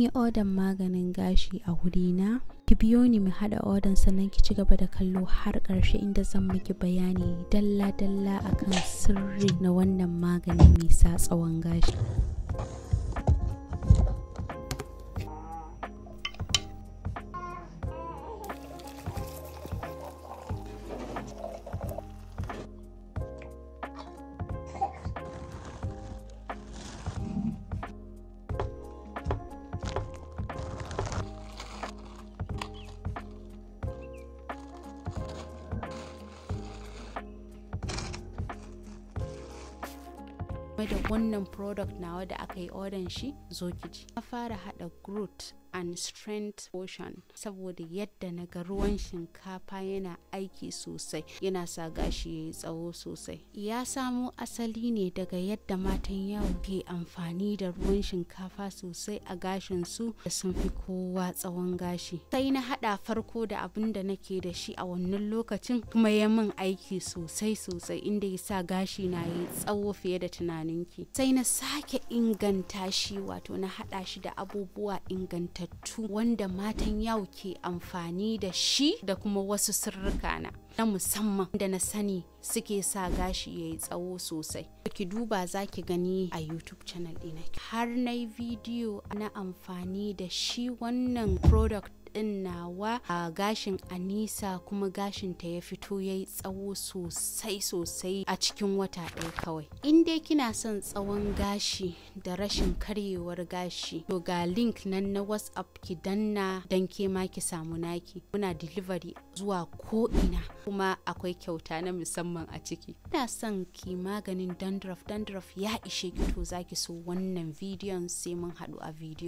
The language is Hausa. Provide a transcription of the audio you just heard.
yi odan maganin gashi a na ki biyo ni mu haɗa odan sannan ki ci gaba da kallo har ƙarshe inda zan miki bayani dalla-dalla akan sirri na wannan maganin mai sa tsawon gashi game da wannan product nawa da aka yi odan shi zo ki ji na fara haɗa groot and strength ocean saboda yadda na ga ruwan shinkafa yana aiki sosai yana sa gashi ya yi tsawo sosai ya samo asali ne daga yadda matan yau ke amfani da ruwan shinkafa sosai a gashin su da sun fi kowa tsawon gashi sai na hada farko da abin da nake da shi a wannan lokacin kuma ya min aiki sosai sosai inda ya sa gashi na yi tsawo fiye da tunaninki sai na sake inganta shi wato na hada shi da abubuwa inganta matattu wanda matan yau ke amfani da shi da kuma wasu sirrika na na musamman da na sani suke sa gashi ya yi tsawo sosai ki duba za ki gani a youtube channel ɗina har na yi bidiyo na amfani da shi wannan product ɗin nawa a gashin anisa kuma gashin ta ya fito ya yi tsawo sosai sosai a cikin wata ɗaya kawai in dai kina son tsawon gashi da rashin karyewar gashi to ga link nan na whatsapp ki danna dan ke ma ki samu naki muna delivery zuwa ko ina kuma akwai kyauta na musamman a ciki ina son ki maganin dandruff dandruff ya ishe ki to zaki so wannan bidiyon sai mun haɗu a bidiyon